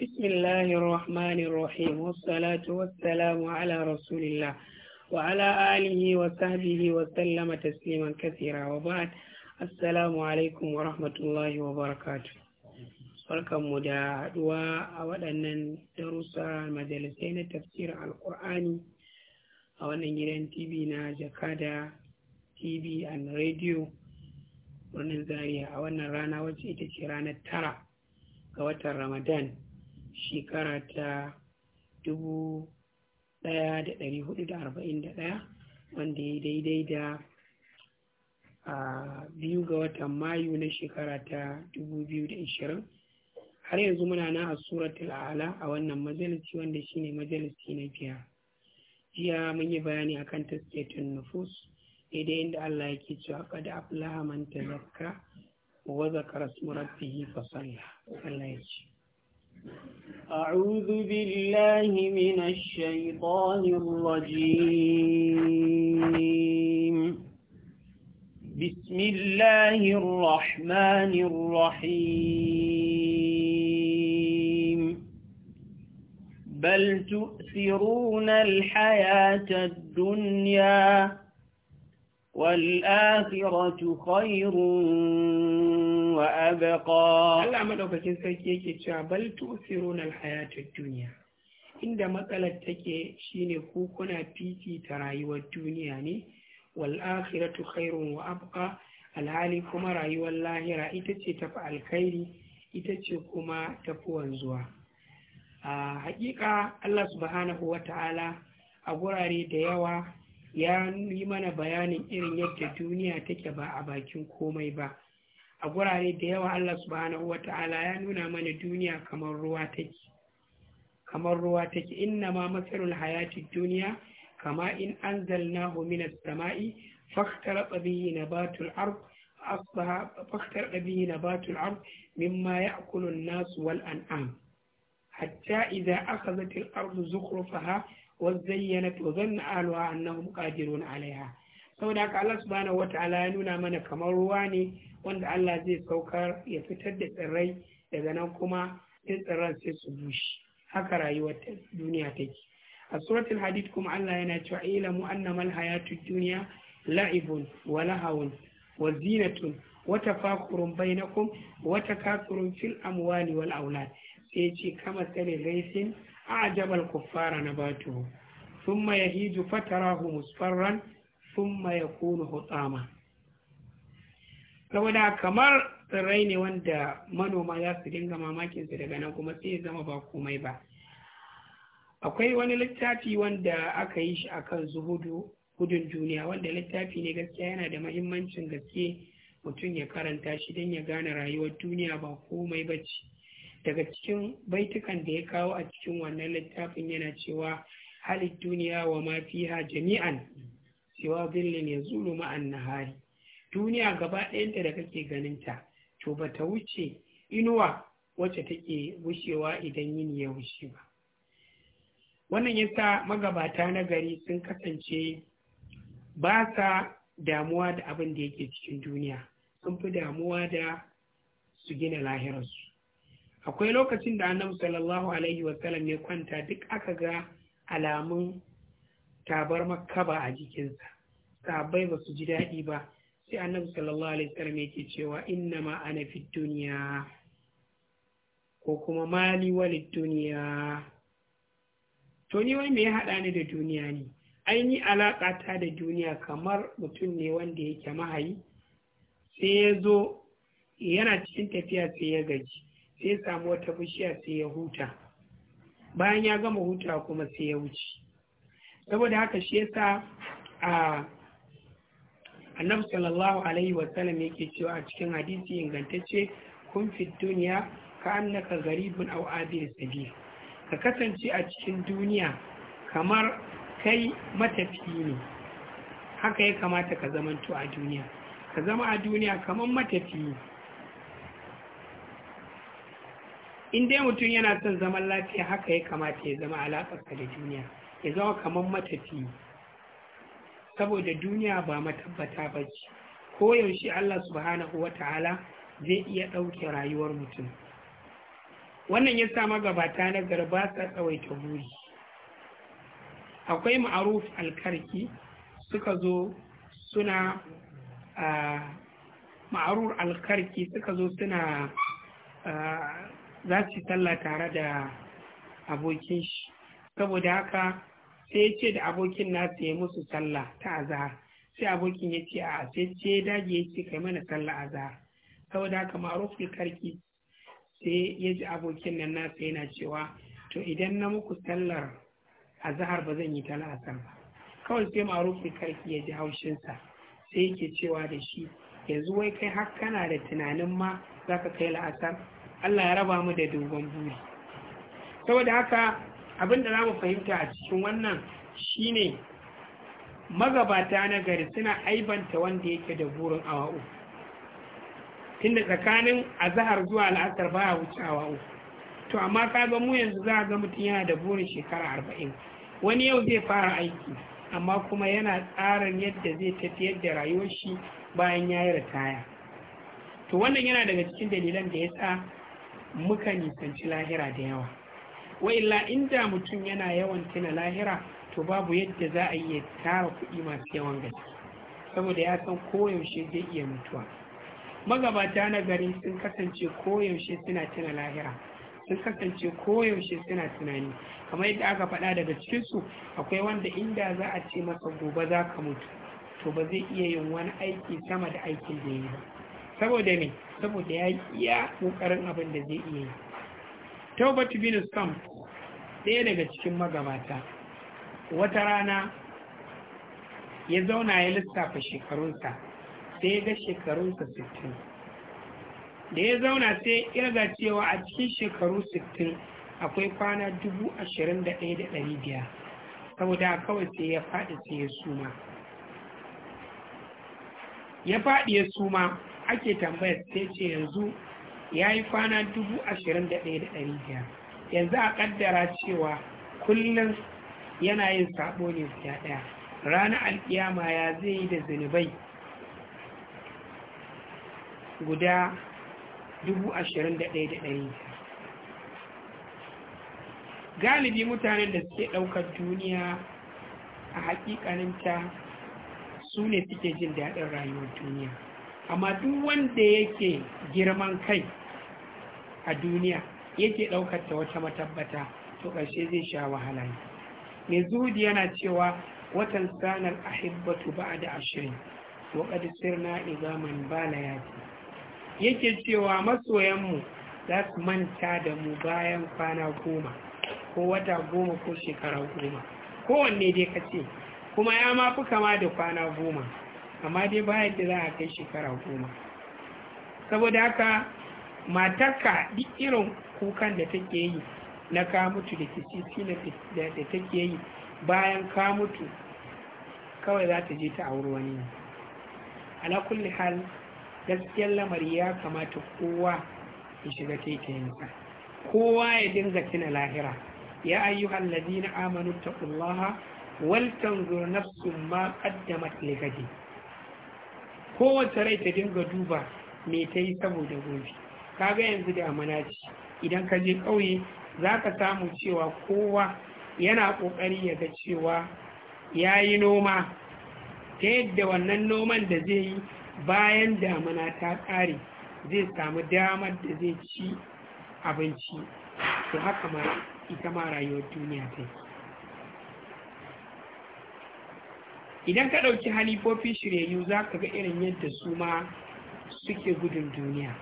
بسم الله الرحمن الرحيم والصلاة والسلام على رسول الله وعلى آله وصحبه وسلم تسليما كثيرا وبعد السلام عليكم ورحمة الله وبركاته da haɗuwa a waɗannan darussa majalisai na tafsirin alkur'ani a wannan gidan tv na jakada tv and radio birnin zaria a wannan rana wacce ita ce ranar tara ga watan ramadan shekara ta dubu ɗaya da ɗari hudu da arba'in da ɗaya wanda ya daidai da biyu ga watan mayu na shekara ta dubu biyu da ishirin har yanzu muna na a suratul la'ala a wannan majalisi wanda shine majalisi na biyar jiya mun yi bayani akan tasketin nufus daidai inda Allah yake cewa qad aflaha man tazakka wa zakara isma rabbih fa salla Allah ya ce أعوذ بالله من الشيطان الرجيم بسم الله الرحمن الرحيم بل تؤثرون الحياة الدنيا والآخرة خير وأبقى الله sarki yake cewa سكي كي تشا بل تؤثرون الحياة inda matsalar take shine ku titi ta rayuwar duniya ne wal akhiratu khairun wa abqa alhali kuma rayuwar lahira ita ce tafi alkhairi ita ce kuma tafi wanzuwa a haƙiƙa, Allah subhanahu wa ta'ala a gurare da yawa ya yi mana bayanin irin yadda duniya take ba a bakin komai ba a gurare da yawa Allah subhanahu wa ta'ala ya nuna mana duniya kamar ruwa take kamar ruwa take inna ma masarul hayati duniya kama in anzalnahu minas sama'i fakhtarata bihi na ard asbaha fakhtarata bihi nabatul ard mimma ya'kulu an-nas wal an'am hatta idza akhadhat al-ardu zukhrufaha wa zayyanat wa dhanna ahluha annahum qadirun 'alayha saboda haka Allah subhanahu wa ta'ala ya nuna mana kamar ruwa ne wanda Allah zai saukar ya fitar da tsirrai daga nan kuma sai tsirran sai su bushe haka rayuwar duniya take a suratul hadid kuma Allah yana cewa ilamu annamal hayatud dunya la'ibun wa lahawun wa zinatun wa tafakurun bainakum wa takasurun fil amwali wal aulad sai ce kama sani gaisin a'jabal kuffara nabatuhu thumma yahiju fatarahu musfarran thumma yakunu hutama saboda kamar tsirrai ne wanda manoma za su dinga mamakin su daga nan kuma sai zama ba komai ba akwai wani littafi wanda aka yi shi akan zuhudu gudun duniya wanda littafi ne gaskiya yana da mahimmancin gaske mutum ya karanta shi don ya gane rayuwar duniya ba komai ba ce daga cikin baitukan da ya kawo a cikin wannan littafin yana cewa halittuniya wa mafiha jami'an siwa zillin ya zulu ma'an nahari duniya gaba ɗayanta da kake ganinta to ba ta wuce inuwa wacce take wucewa idan yin ya wuce ba wannan yasa magabata na gari sun kasance ba sa damuwa da abin da yake cikin duniya sun fi damuwa da su gina lahirarsu akwai lokacin da annabi sallallahu alaihi wasallam ya kwanta duk aka ga alamun tabar ba a jikinsa sabai ba su ji daɗi ba sai annabi sallallahu alaihi wasallam yake cewa inna ma ana fi duniya ko kuma mali walid duniya to ni wai me ya hada ni da duniya ne ni alaka ta da duniya kamar mutum ne wanda yake mahayi sai ya zo yana cikin tafiya sai ya gaji sai ya samu wata bishiya sai ya huta bayan ya gama huta kuma sai ya wuce saboda haka shi yasa a annabi sallallahu alaihi wasallam yake cewa a cikin hadisi ingantacce kun fi duniya ka annaka garibun aw abir sabi ka kasance a cikin duniya kamar kai matafiyi ne haka ya kamata ka zama a duniya ka zama a duniya kamar matafiyi in dai mutum yana son zaman lafiya haka ya kamata ya zama alaƙarsa da duniya ya zama kamar matafiyi saboda duniya ba matabbata ba ce koyaushe Allah subhanahu wa ta'ala zai iya ɗauke rayuwar mutum wannan ya sa gabata na garba sa tsawaita buri akwai ma'aruf alkarki suka zo suna ma'arur alkarki suka zo suna za su sallah tare da abokin shi saboda haka sai ya ce da abokin nasa ya musu sallah ta azahar sai abokin ya ce a sai ce daji ya ce kai mana sallah azahar saboda haka ma'arufin karki sai ya ji abokin nan nasa yana cewa to idan na muku sallar azahar ba zan yi ta la'asar ba kawai sai ma'arufin karki ya ji haushinsa sai yake cewa da shi yanzu wai kai har kana da tunanin ma za ka kai la'asar Allah ya raba mu da dogon buri saboda haka abin da za mu fahimta a cikin wannan shine magabata na gari suna aibanta wanda yake da burin awa uku tunda tsakanin azahar zuwa la'asar baya wuce awa'u uku to amma ka ga mu yanzu za ga mutum yana da burin shekara arba'in wani yau zai fara aiki amma kuma yana tsarin yadda zai tafiyar da rayuwar shi bayan ya yi ritaya to wannan yana daga cikin dalilan da ya sa muka nisanci lahira da yawa wa illa inda mutum yana yawan tuna lahira to babu yadda za a iya tara kuɗi masu yawan gaske saboda ya san koyaushe zai iya mutuwa magabata na gari sun kasance koyaushe suna tuna lahira sun kasance koyaushe suna tunani kamar yadda aka faɗa daga cikin su akwai wanda inda za a ce masa gobe za ka mutu to ba zai iya yin wani aiki sama da aikin da ya yi ba saboda ne saboda ya iya ƙoƙarin abin da zai iya yi Taubatu bin sam ɗaya daga cikin magabata wata rana ya zauna ya lissafa shekarunsa sai ya ga shekarunsa sittin da ya zauna sai ya cewa a cikin shekaru sittin akwai kwana dubu ashirin da ɗaya da ɗari biyar saboda kawai sai ya faɗi sai ya suma ya faɗi ya suma ake tambayar sai ce yanzu ya yi kwana dubu ashirin yanzu a ƙaddara cewa kullum yana yin saɓo ne guda daya ranar alkiyama ya zai yi da zunubai guda dubu galibi mutanen da suke ɗaukar duniya a hakikaninta su ne suke jin daɗin rayuwar duniya amma duk wanda yake girman kai a duniya yake ɗaukar ta wata matabbata to ƙarshe zai sha wahala ne mai yana cewa watan sanar ahibbatu ba da ashirin wa ƙad sirna izaman bala ya yake cewa masoyanmu za su manta da mu bayan kwana goma ko wata goma ko shekara goma kowanne dai ka ce kuma ya ma fi kama da kwana goma amma dai ba yadda za a kai shekara goma saboda haka matarka duk irin kukan da take yi na ka mutu da kisisi da take yi bayan kamutu, kawai za ta je ta auri wani ne ala kulli hal gaskiyar lamari ya kamata kowa ya shiga taitayinsa kowa ya dinga tuna lahira ya ayyuhal na amanu taqullaha waltan zuwa nafsun ma qaddamat ligadi kowace rai ta dinga duba me ta yi saboda gobe ga yanzu da amana idan ka je ƙauye za ka samu cewa kowa yana ƙoƙari ya ga cewa ya yi noma ta yadda wannan noman da zai yi bayan damuna ta ƙare zai samu damar da zai ci abinci to haka ma ita ma rayuwar duniya ta yi idan ka ɗauki halifofi shiryayyu za ka ga irin yadda su ma suke gudun duniya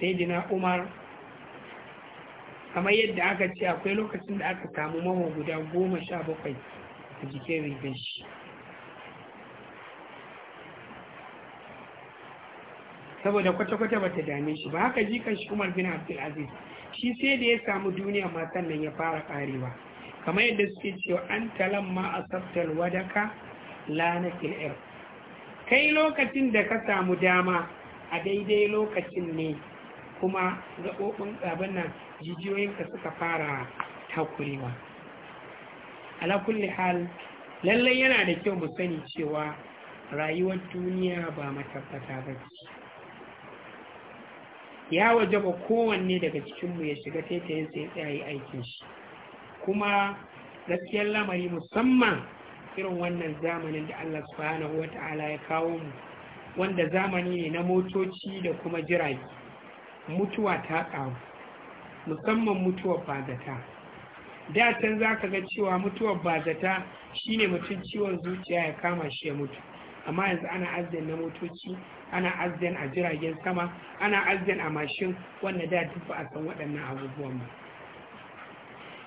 sai umar kamar yadda aka ce akwai lokacin da aka samu mawa guda goma sha bakwai a jikin rigar shi saboda kwata-kwata bata dame shi ba haka jikan shi umar bin abdulaziz shi sai da ya samu duniya matan nan ya fara karewa kamar yadda suke cewa an talamma a saftar wadaka lanatil irq kai lokacin da ka samu dama a daidai lokacin ne kuma gaɓoɓin abin nan ka suka fara takurewa kurewa. hal lallai yana da kyau mu sani cewa rayuwar duniya ba matabbata ba ya waje ba kowanne daga cikinmu ya shiga taitayin sai tsaye aikin shi kuma gaskiyar lamari musamman irin wannan zamanin da Allah subhanahu wa ta'ala ya kawo mu wanda zamani ne na motoci da kuma jirage mutuwa ta kawo musamman mutuwar bazata da can za ka ga cewa mutuwar bazata shine mutum ciwon zuciya ya kama shi ya mutu amma yanzu ana azden na motoci ana azden a jiragen sama ana azden a mashin wanda da duk ba a san waɗannan abubuwan ba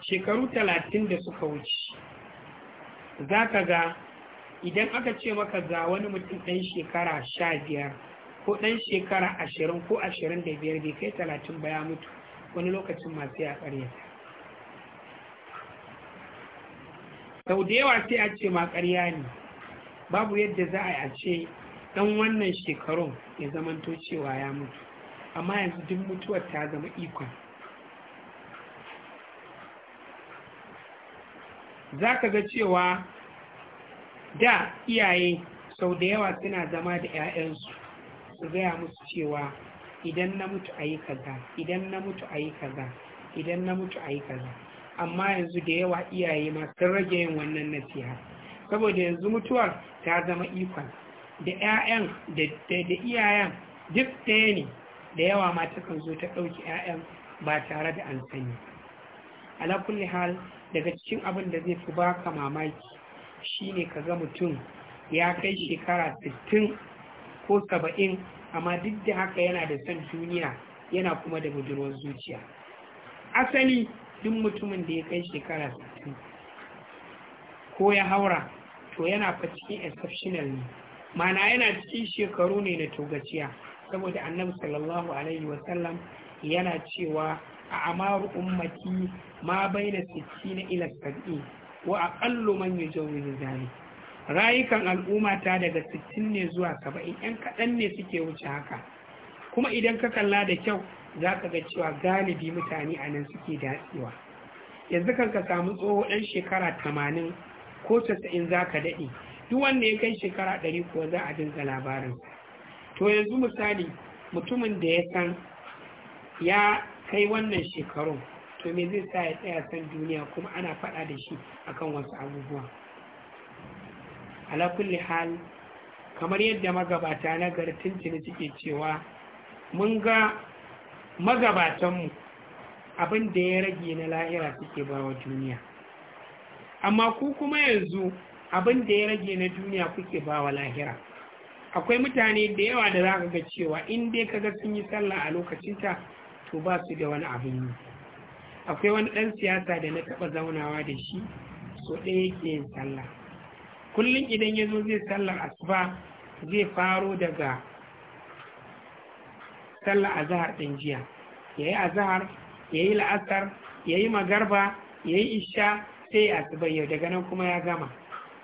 shekaru talatin da suka wuce za ka ga idan aka ce maka ga wani mutum ɗan shekara sha biyar ko ɗan shekara ashirin ko ashirin da biyar bai kai talatin ba ya mutu wani lokacin masu ya ƙarya sau da yawa sai a ce ma ƙarya ne babu yadda za a ce ɗan wannan shekarun ya zamanto cewa ya mutu amma yanzu duk mutuwar ta zama ikon za ka ga cewa da iyaye sau da yawa suna zama da 'ya'yansu su gaya musu cewa idan na mutu a yi kaza idan na mutu a yi kaza idan na mutu a yi kaza amma yanzu da yawa iyaye ma sun rage yin wannan nasiha saboda yanzu mutuwar ta zama ikon da 'ya'yan da iyayen duk ɗaya ne da yawa ma takan zo ta ɗauki 'ya'yan ba tare da an sani ala kulli hal daga cikin abin da zai fi baka mamaki shine ka ga mutum ya kai shekara 60 ko 70 amma duk da haka yana da son duniya yana kuma da budurwar zuciya asali duk mutumin da ya kai shekara 60 ko ya haura to yana fa cikin exceptional ne mana yana cikin shekaru ne na togaciya saboda annabi sallallahu alaihi wasallam yana cewa a amaru ummati ma baina 60 ila 70 wa aqallu man yujawizu zalik rayukan al'umma ta daga 60 ne zuwa 70 'yan kaɗan ne suke wuce haka kuma idan ka kalla da kyau za ka ga cewa galibi mutane a nan suke datsewa yanzu kan ka samu tsoho ɗan shekara 80 ko 90 za ka daɗe duk wanda ya kai shekara ɗari kuwa za a dinga labarin to yanzu misali mutumin da ya san ya kai wannan shekarun to me zai sa ya tsaya san duniya kuma ana faɗa da shi akan wasu abubuwa ala kulli hal kamar yadda magabata na gartin ne suke cewa mun ga magabatanmu abin da ya rage na lahira suke ba wa duniya amma ku kuma yanzu abin da ya rage na duniya kuke ba wa lahira akwai mutane da yawa da za ka ga cewa in dai ka ga sun yi sallah a lokacinta to ba su da wani abin yi akwai wani ɗan siyasa da na taɓa zaunawa da shi so ɗaya yake yin sallah kullum idan ya zo zai sallar asuba zai faro daga sallar azahar ɗin jiya ya yi azahar ya yi la'asar ya yi magarba ya yi isha sai ya asuba yau daga nan kuma ya gama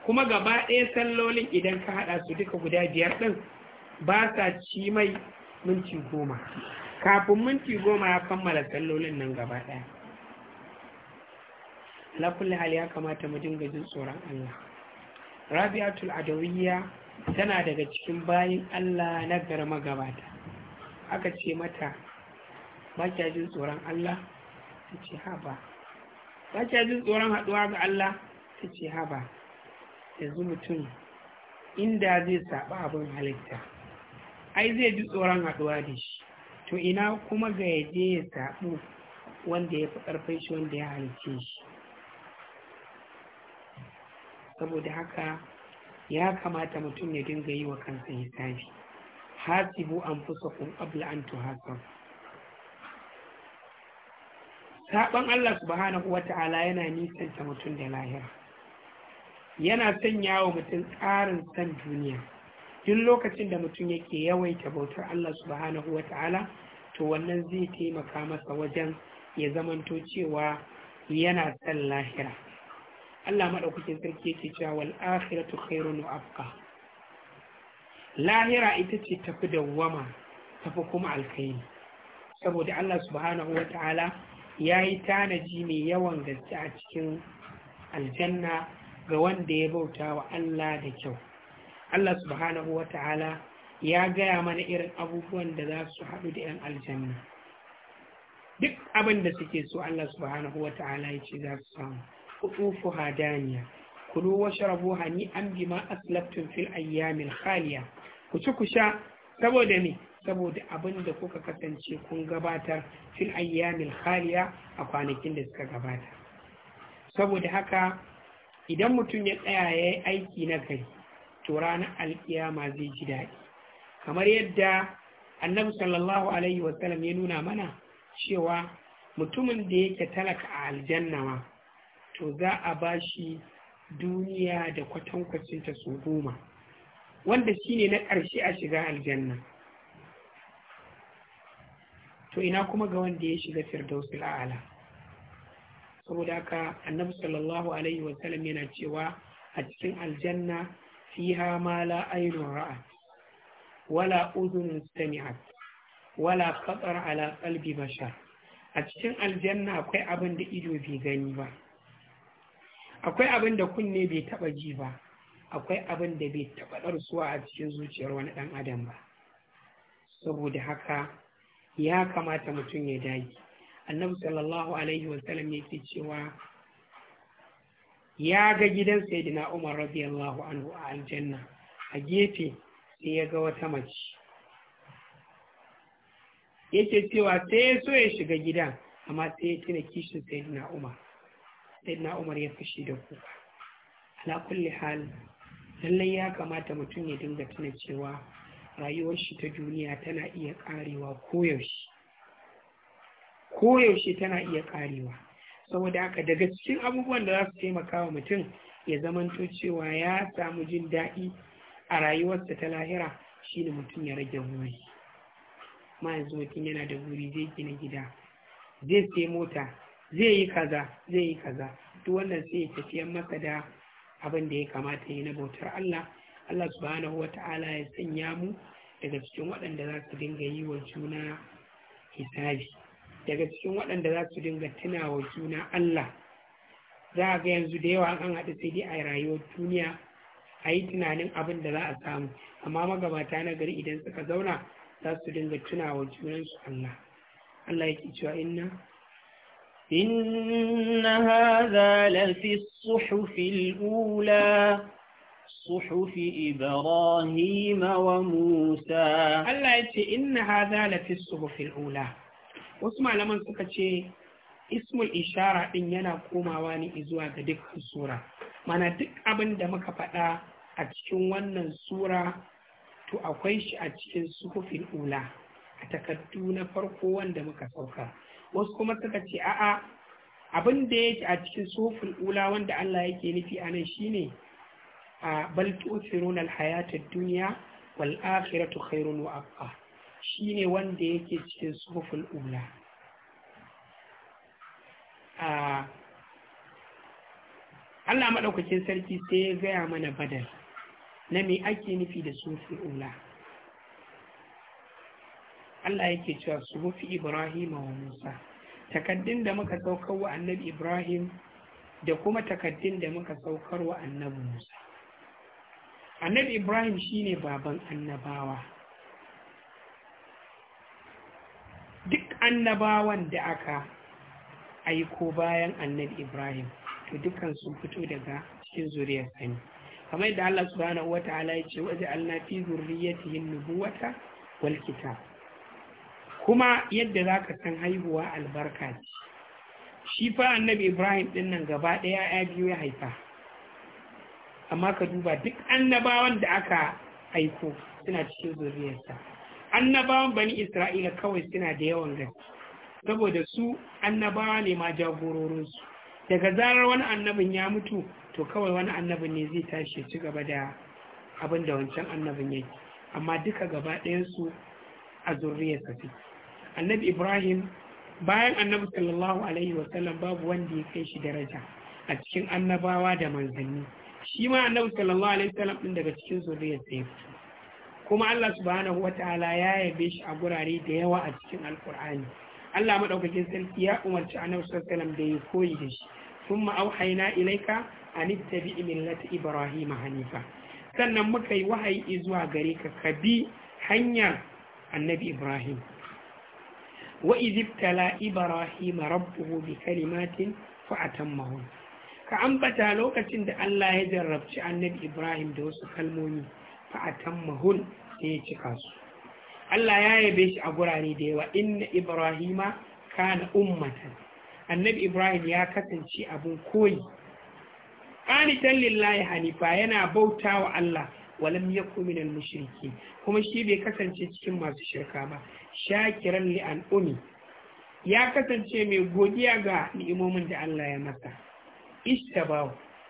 kuma gaba ɗaya sallolin idan ka haɗa su duka guda biyar ɗin ba sa ci mai minti goma kafin minti goma ya kammala tsallolin nan gaba ɗaya kulle hali ya kamata mu dinga jin tsoron Allah rabi'atul adawiyya tana daga cikin bayin Allah na garma gabata aka ce mata ba kya jin tsoron Allah ta ce haba ba kya jin tsoron haɗuwa ga Allah ta ce haba yanzu mutum inda zai saɓa abin halitta ai zai ji tsoron haɗuwa da shi to ina kuma ga yaje ya zaɓu wanda ya fi ƙarfin shi wanda ya halice shi saboda haka ya kamata mutum ya dinga yi wa kansa hisabi hasibu anfusakum abla an tuhasab saban Allah subhanahu wata'ala yana nisanta mutum da lahira yana sanya wa mutum ƙarin san duniya duk lokacin da mutum yake yawaita bautar Allah subhanahu wa ta'ala to wannan zai taimaka masa wajen ya zamanto cewa yana san lahira Allah maɗaukakin sarki yake cewa wal akhiratu khairun wa abqa lahira ita ce tafi dawwama tafi kuma alkhairi saboda Allah subhanahu wa ta'ala ya yi tanaji mai yawan gaske a cikin aljanna ga wanda ya bauta wa Allah da kyau Allah subhanahu wa ta'ala ya gaya mana irin abubuwan da za su haɗu da 'yan aljanna duk abin da suke so Allah subhanahu wa ta'ala ya ce za su samu ku hadaniya hani an bi bima aslaftum fil ayyamil khaliya ku ci ku sha saboda me saboda abin da kuka kasance kun gabatar fil ayyamil khaliya a kwanakin da suka gabata saboda haka idan mutum ya tsaya ya yi aiki na gari to ranar alƙiyama zai ji daɗi kamar yadda annabi sallallahu alaihi wasallam ya nuna mana cewa mutumin da yake talaka a aljanna ma to za a ba shi duniya da kwatankwacinta su goma wanda shine na ƙarshe a shiga aljanna to ina kuma ga wanda ya shiga firdausul a'ala saboda haka annabi sallallahu alaihi wasallam yana cewa a cikin aljanna fiha ma la aynun ra'at wala udhunun sami'at wala khatar ala qalbi bashar a cikin aljanna akwai abin da ido bai gani ba akwai abin da kunne bai taba ji ba akwai abin da bai taba ɗarsuwa a cikin zuciyar wani ɗan adam ba saboda haka ya kamata mutum ya dage annabi sallallahu alaihi wasallam cewa ya ga gidan sayyidina umar radiyallahu anhu a aljanna a gefe sai ya ga wata mace yake cewa sai ya so ya shiga gidan amma sai ya tuna kishin sayyidina umar sayyidina umar ya fushi da kuka ala kulli hal lallai ya kamata mutum ya dinga tuna cewa rayuwar shi ta duniya tana iya karewa koyaushe koyaushe tana iya karewa saboda haka daga cikin abubuwan da za su taimaka wa mutum ya zamanto cewa ya samu jin daɗi a rayuwarsa ta lahira shine mutum ya rage buri ma mutum yana da buri zai gina gida zai sai mota zai yi kaza zai yi kaza duk wannan sai ya tafiyan masa da abin da ya kamata yi na bautar Allah Allah subhanahu wa ta'ala ya sanya mu daga cikin waɗanda za su dinga yi wa juna hisabi daga cikin waɗanda za su dinga tunawa juna Allah za a ga yanzu da yawa an haɗu sai dai a rayuwar duniya a yi tunanin abin da za a samu amma magabata na gari idan suka zauna za su dinga tunawa junansu Allah Allah yake cewa inna إن هذا لفي الصحف الأولى صحف إبراهيم وموسى الله إن هذا لفي الصحف الأولى wasu malaman suka ce ismul ishara ɗin yana komawa ne zuwa ga dukkan sura mana duk abin da muka faɗa a cikin wannan sura to akwai shi a cikin suhufin ula a takardu na farko wanda muka sauka wasu kuma suka ce a'a abin da yake a cikin suhufin ula wanda Allah yake nufi a nan shine a bal tu'thiruna al-hayata ad-dunya wal akhiratu khairun wa abqa Shi ne wanda yake cikin sufufin ula a Allah maɗaukakin sarki sai ya gaya mana badal na me ake nufi da sufufin ula Allah yake cewa sufufi Ibrahim wa Musa takaddun da muka saukar wa annabi Ibrahim da kuma takaddun da muka saukar wa annabi Musa annabi Ibrahim shine baban annabawa annabawan da aka aiko bayan annabi ibrahim to dukkan sun fito daga cikin zuriyar sani kamar yadda allah subhanahu wa ta'ala ya ce waje alna fi zurriyatihim nubuwata wal kitab kuma yadda za ka san haihuwa albarka ce shi fa annabi ibrahim din nan gaba ɗaya ya biyu ya haifa amma ka duba duk annabawan da aka aiko suna cikin zuriyarsa annabawan bani isra'ila kawai suna da yawan gaske saboda su annabawa ne ma jagororinsu daga zarar wani annabin ya mutu to kawai wani annabin ne zai tashi ci gaba da abin da wancan annabin ya yi amma duka gaba ɗayansu a zurriyarsa ce annabi ibrahim bayan annabi sallallahu alaihi wasallam babu wanda ya kai shi daraja a cikin annabawa da manzanni shi ma annabi sallallahu alaihi wasallam din daga cikin sa ya fito kuma Allah subhanahu ta'ala ya yabe shi a gurare da yawa a cikin alkur'ani Allah madaukakin sarki ya umarci annabi sallallahu alaihi da ya koyi da shi thumma auhayna ilayka an ittabi millata ibrahim hanifa sannan muka yi wahayi zuwa gare ka ka bi hanyar annabi ibrahim wa izibtala ibrahim rabbuhu bi kalimatin fa atammahu ka ambata lokacin da Allah ya jarrabci annabi ibrahim da wasu kalmomi fa'atan mahul sai ya cika su Allah ya yabe shi a gurare da yawa inna ibrahima kana ummatan annabi ibrahim ya kasance abun koyi qanitan lillahi hanifa yana bautawa Allah walam yakun minal mushriki kuma shi bai kasance cikin masu shirka ba shakiran li an umi ya kasance mai godiya ga ni'imomin da Allah ya masa istabahu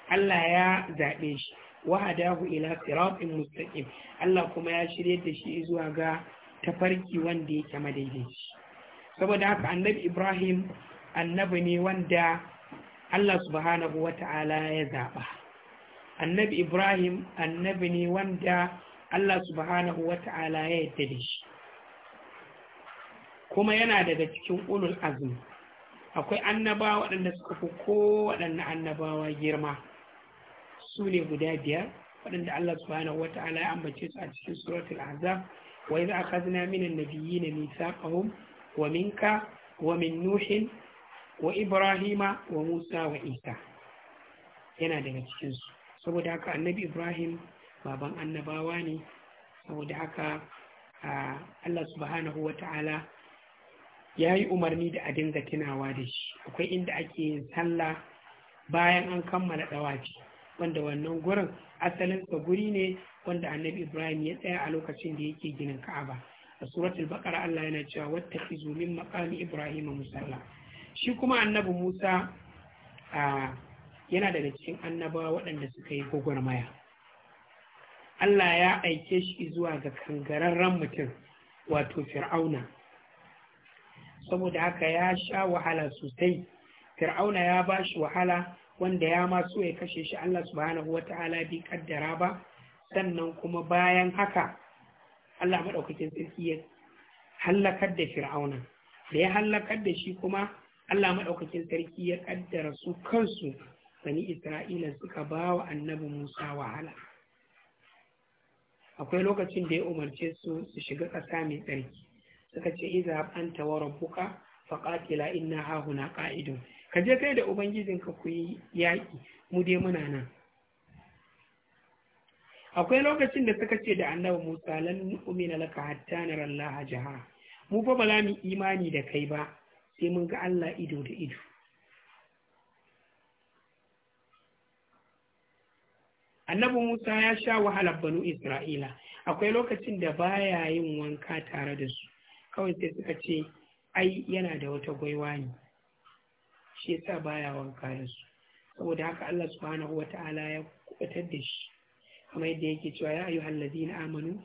Allah ya zaɓe shi wahadahu ila siratin mustaqim Allah kuma ya shirye da shi zuwa ga tafarki wanda yake madaidaici saboda haka annabi Ibrahim annabi ne wanda Allah subhanahu wata'ala ya zaba annabi Ibrahim annabi ne wanda Allah subhanahu wata'ala ya yadda da shi kuma yana daga cikin ulul azmi akwai annabawa waɗanda suka fi ko waɗanne annabawa girma su ne guda biyar waɗanda Allah subhanahu wa ta'ala ya ambace su a cikin suratul azab wa idza akhadna min an-nabiyyina mithaqahum wa minka wa min nuhin wa ibrahima wa musa wa isa yana daga cikin su saboda haka annabi ibrahim baban annabawa ne saboda haka Allah subhanahu wa ta'ala ya yi umarni da a dinga tunawa da shi akwai inda ake yin sallah bayan an kammala dawaci wanda wannan gurin asalinsa guri ne wanda annabi ibrahim ya tsaya a lokacin da yake ginin ka'aba a suratul baqara Allah yana cewa wattakhizu min maqami ibrahim musalla shi kuma annabi musa yana daga cikin annabawa waɗanda suka yi gwagwarmaya Allah ya aike shi zuwa ga kangararren mutum wato fir'auna saboda haka ya sha wahala sosai fir'auna ya ba shi wahala wanda ya ma so ya kashe shi Allah subhanahu wata'ala bi kaddara ba sannan kuma bayan haka Allah maɗaukakin sarki ya hallakar da fir'auna da ya hallakar da shi kuma Allah maɗaukakin sarki ya kaddara su kansu bani Isra'ila suka ba wa annabi Musa wahala akwai lokacin da ya umarce su su shiga ƙasa mai tsarki suka ce iza anta wa rabbuka faqatila inna hahuna qa'idun ka je kai da ubangijinka ku yi yaƙi mu dai muna nan akwai lokacin da suka ce da annabi musa lan nu'min laka hatta nara allaha jaha mu fa ba mu imani da kai ba sai mun ga Allah ido da ido annabi musa ya sha wahalar banu isra'ila akwai lokacin da baya yin wanka tare da su kawai sai suka ce ai yana da wata gwaiwa ne shi yasa baya wanka da su saboda haka Allah subhanahu ta'ala ya kubatar da shi kamar yadda yake cewa ya ayu ladina amanu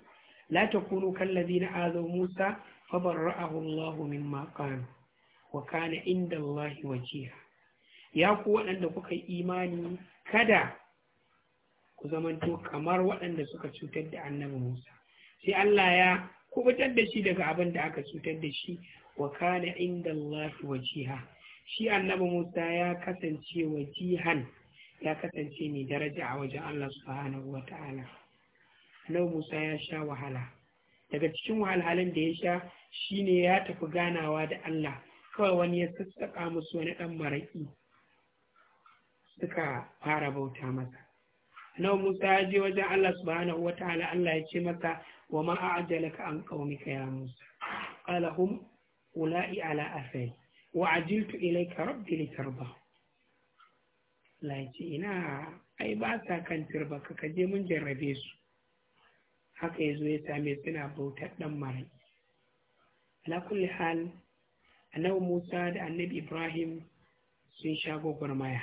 la takunu kal azaw Musa fa barra'ahu Allah mimma qalu wa kana inda Allah wajiha ya ku waɗanda kuka yi imani kada ku zama zamanto kamar waɗanda suka cutar da annabi Musa sai Allah ya kubutar da shi daga abin da aka cutar da shi wa kana inda Allah wajiha shi annabi Musa ya kasance wajihan ya kasance mai daraja a wajen Allah subhanahu wa ta'ala annabi Musa ya sha wahala daga cikin wahalhalun da ya sha shi ne ya tafi ganawa da Allah kawai wani ya sassaƙa musu wani ɗan maraƙi suka fara bauta masa annabi Musa ya je wajen Allah subhanahu wa ta'ala Allah ya ce masa wa ma a'jalaka an qaumika ya Musa qala hum ula'i ala wa ajiltu ilaika rabbi litarda laji ina ai ba sa kan tirba ka kaje mun jarrabe su haka yazo ya same suna bautar dan mari ala kulli hal annabi Musa da annabi Ibrahim sun sha gwagwarmaya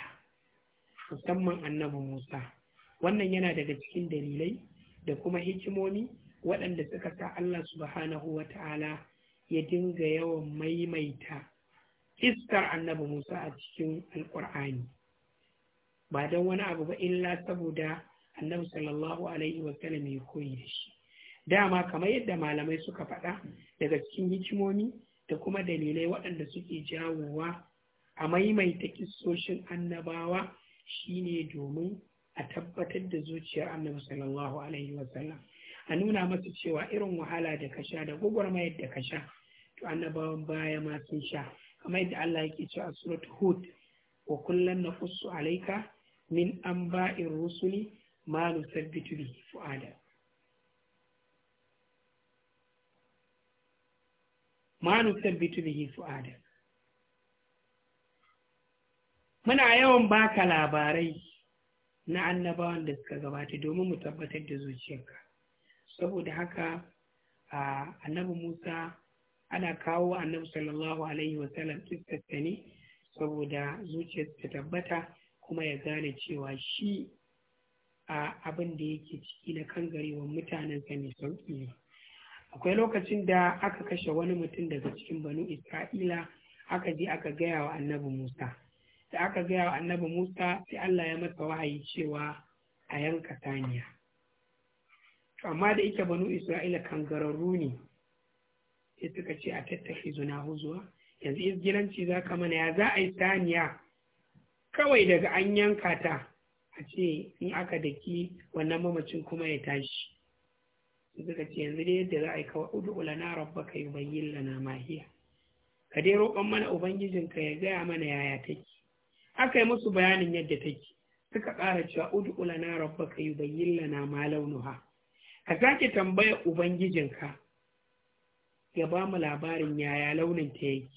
musamman annabi Musa wannan yana daga cikin dalilai da kuma hikimomi waɗanda suka sa Allah subhanahu wa ta'ala ya dinga yawan maimaita iskar annabi Musa a cikin alƙur'ani ba don wani abu ba illa saboda annabi sallallahu alaihi wa sallam ya koyi da shi dama kamar yadda malamai suka faɗa daga cikin hikimomi da kuma dalilai waɗanda suke jawowa a maimaita kissoshin annabawa shine domin a tabbatar da zuciyar annabi sallallahu alaihi wa sallam a nuna masa cewa irin wahala da kasha da gwagwarmayar da ka to annabawan baya ma sun sha kamar yadda Allah yake cewa a surat Hud wa kullum na fusu alaika min an ba'in rusuli ma sabbitu bi fu'ada ma sabbitu bi fu'ada muna yawan baka labarai na annabawan da suka gabata domin mu tabbatar da zuciyarka saboda haka a annabi Musa ana kawo annabi sallallahu alaihi sallam kissarsa ne saboda zuciyarsa tabbata kuma ya gane cewa shi a abin da yake ciki na kangarewar mutanensa mai sauƙi ne akwai lokacin da aka kashe wani mutum daga cikin banu isra'ila aka je aka gaya wa annabi musa da aka gaya wa annabi musa sai allah ya masa wahayi cewa a yanka saniya amma da ike banu isra'ila kan gararru ne sai suka ce a tattafi zuna huzuwa yanzu izgiranci za ka mana ya za a yi saniya kawai daga an yanka ta a ce in aka da daki wannan mamacin kuma ya tashi suka ce yanzu dai yadda za a yi kawai udu na rabba ka yi bayyin lana mahiya ka dai roƙon mana ubangijinka ya gaya mana yaya take aka yi musu bayanin yadda take suka ƙara cewa udu na rabba ka yi bayyin lana ma launuha ka sake tambaya ubangijinka ya ba mu labarin yaya launin ta yake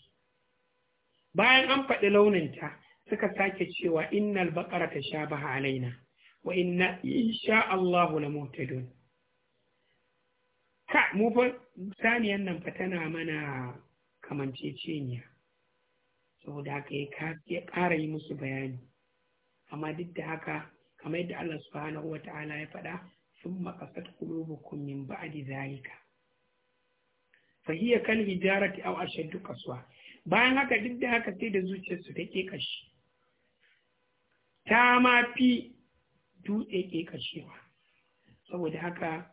bayan an faɗi launinta suka sake cewa innal baqara ta sha alaina wa inna insha Allahu la muhtadun ka mu fa saniyan nan fa tana mana kamanceceniya saboda haka ya ƙara yi musu bayani amma duk da haka kamar yadda Allah subhanahu wata'ala ya faɗa sun maƙasar kulubukum min ba'di zalika fa hiya kal hijarati aw bayan haka duk da haka sai da zuciyarsu ta ke kashi ta ma fi dutse ke kashewa saboda haka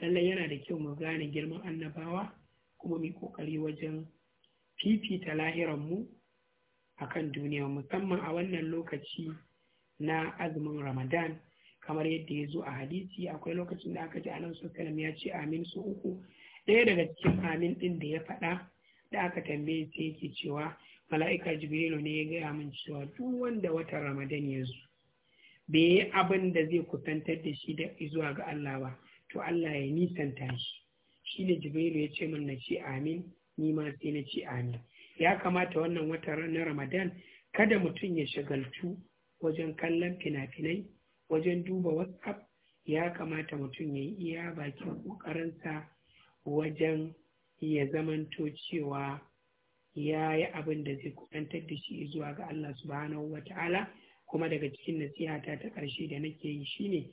lallai yana da kyau mu gane girman annabawa kuma mu kokari wajen fifita lahiranmu akan duniya musamman a wannan lokaci na azumin ramadan kamar yadda ya zo a hadisi akwai lokacin da aka ji anan sosalam ya ce amin su uku ɗaya daga cikin amin ɗin da ya faɗa da aka tambaye sai yake cewa mala'ika jibrilu ne ya gaya min cewa duk wanda watan ramadan ya zo bai yi abin da zai kusantar da shi da zuwa ga Allah ba to Allah ya nisanta shi shi ne jibrilu ya ce min na ce amin ni ma sai na ce amin ya kamata wannan watan na ramadan kada mutum ya shagaltu wajen kallon fina-finai wajen duba whatsapp ya kamata mutum ya yi iya bakin ƙoƙarinsa wajen ya zamanto cewa ya yi abin da zai kuɗantar da shi zuwa ga Allah subhanahu wa ta'ala kuma daga cikin nasihata ta ƙarshe da nake yi shine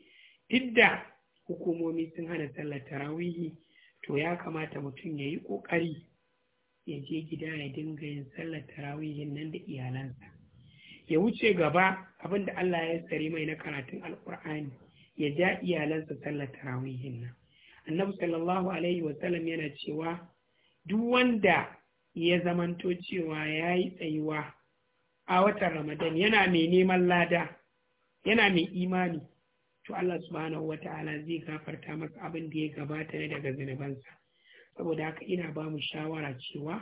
duk da hukumomi sun hana sallar tarawihi to ya kamata mutum ya yi ƙoƙari ya je gida ya dinga yin sallar tarawihin nan da iyalansa ya wuce gaba abin da Allah ya tsare mai na karatun alƙur'ani ya ja iyalansa sallar tarawihin nan annabi sallallahu alaihi wasallam yana cewa duk wanda ya zamanto cewa ya yi tsayuwa a watan ramadan yana mai neman lada yana mai imani to Allah subhanahu wa zai gafarta masa abin da ya gabata ne daga zunubansa saboda haka ina ba mu shawara cewa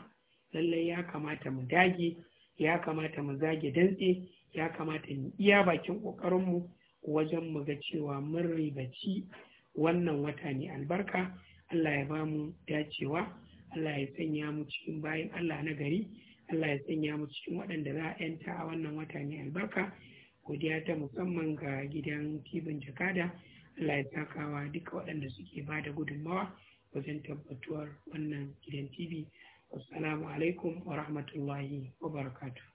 lallai ya kamata mu dage ya kamata mu zage dantse ya kamata mu iya bakin mu wajen mu ga cewa mun ribaci wannan wata ne albarka Allah ya bamu dacewa Allah ya sanya mu cikin bayan Allah na gari Allah ya sanya mu cikin waɗanda za a yanta a wannan wata ne albarka godiya ta musamman ga gidan tibin jakada Allah ya takawa duka waɗanda suke ba da gudunmawa wajen tabbatuwar wannan gidan TV. Assalamu alaikum wa rahmatullahi wa barakatu.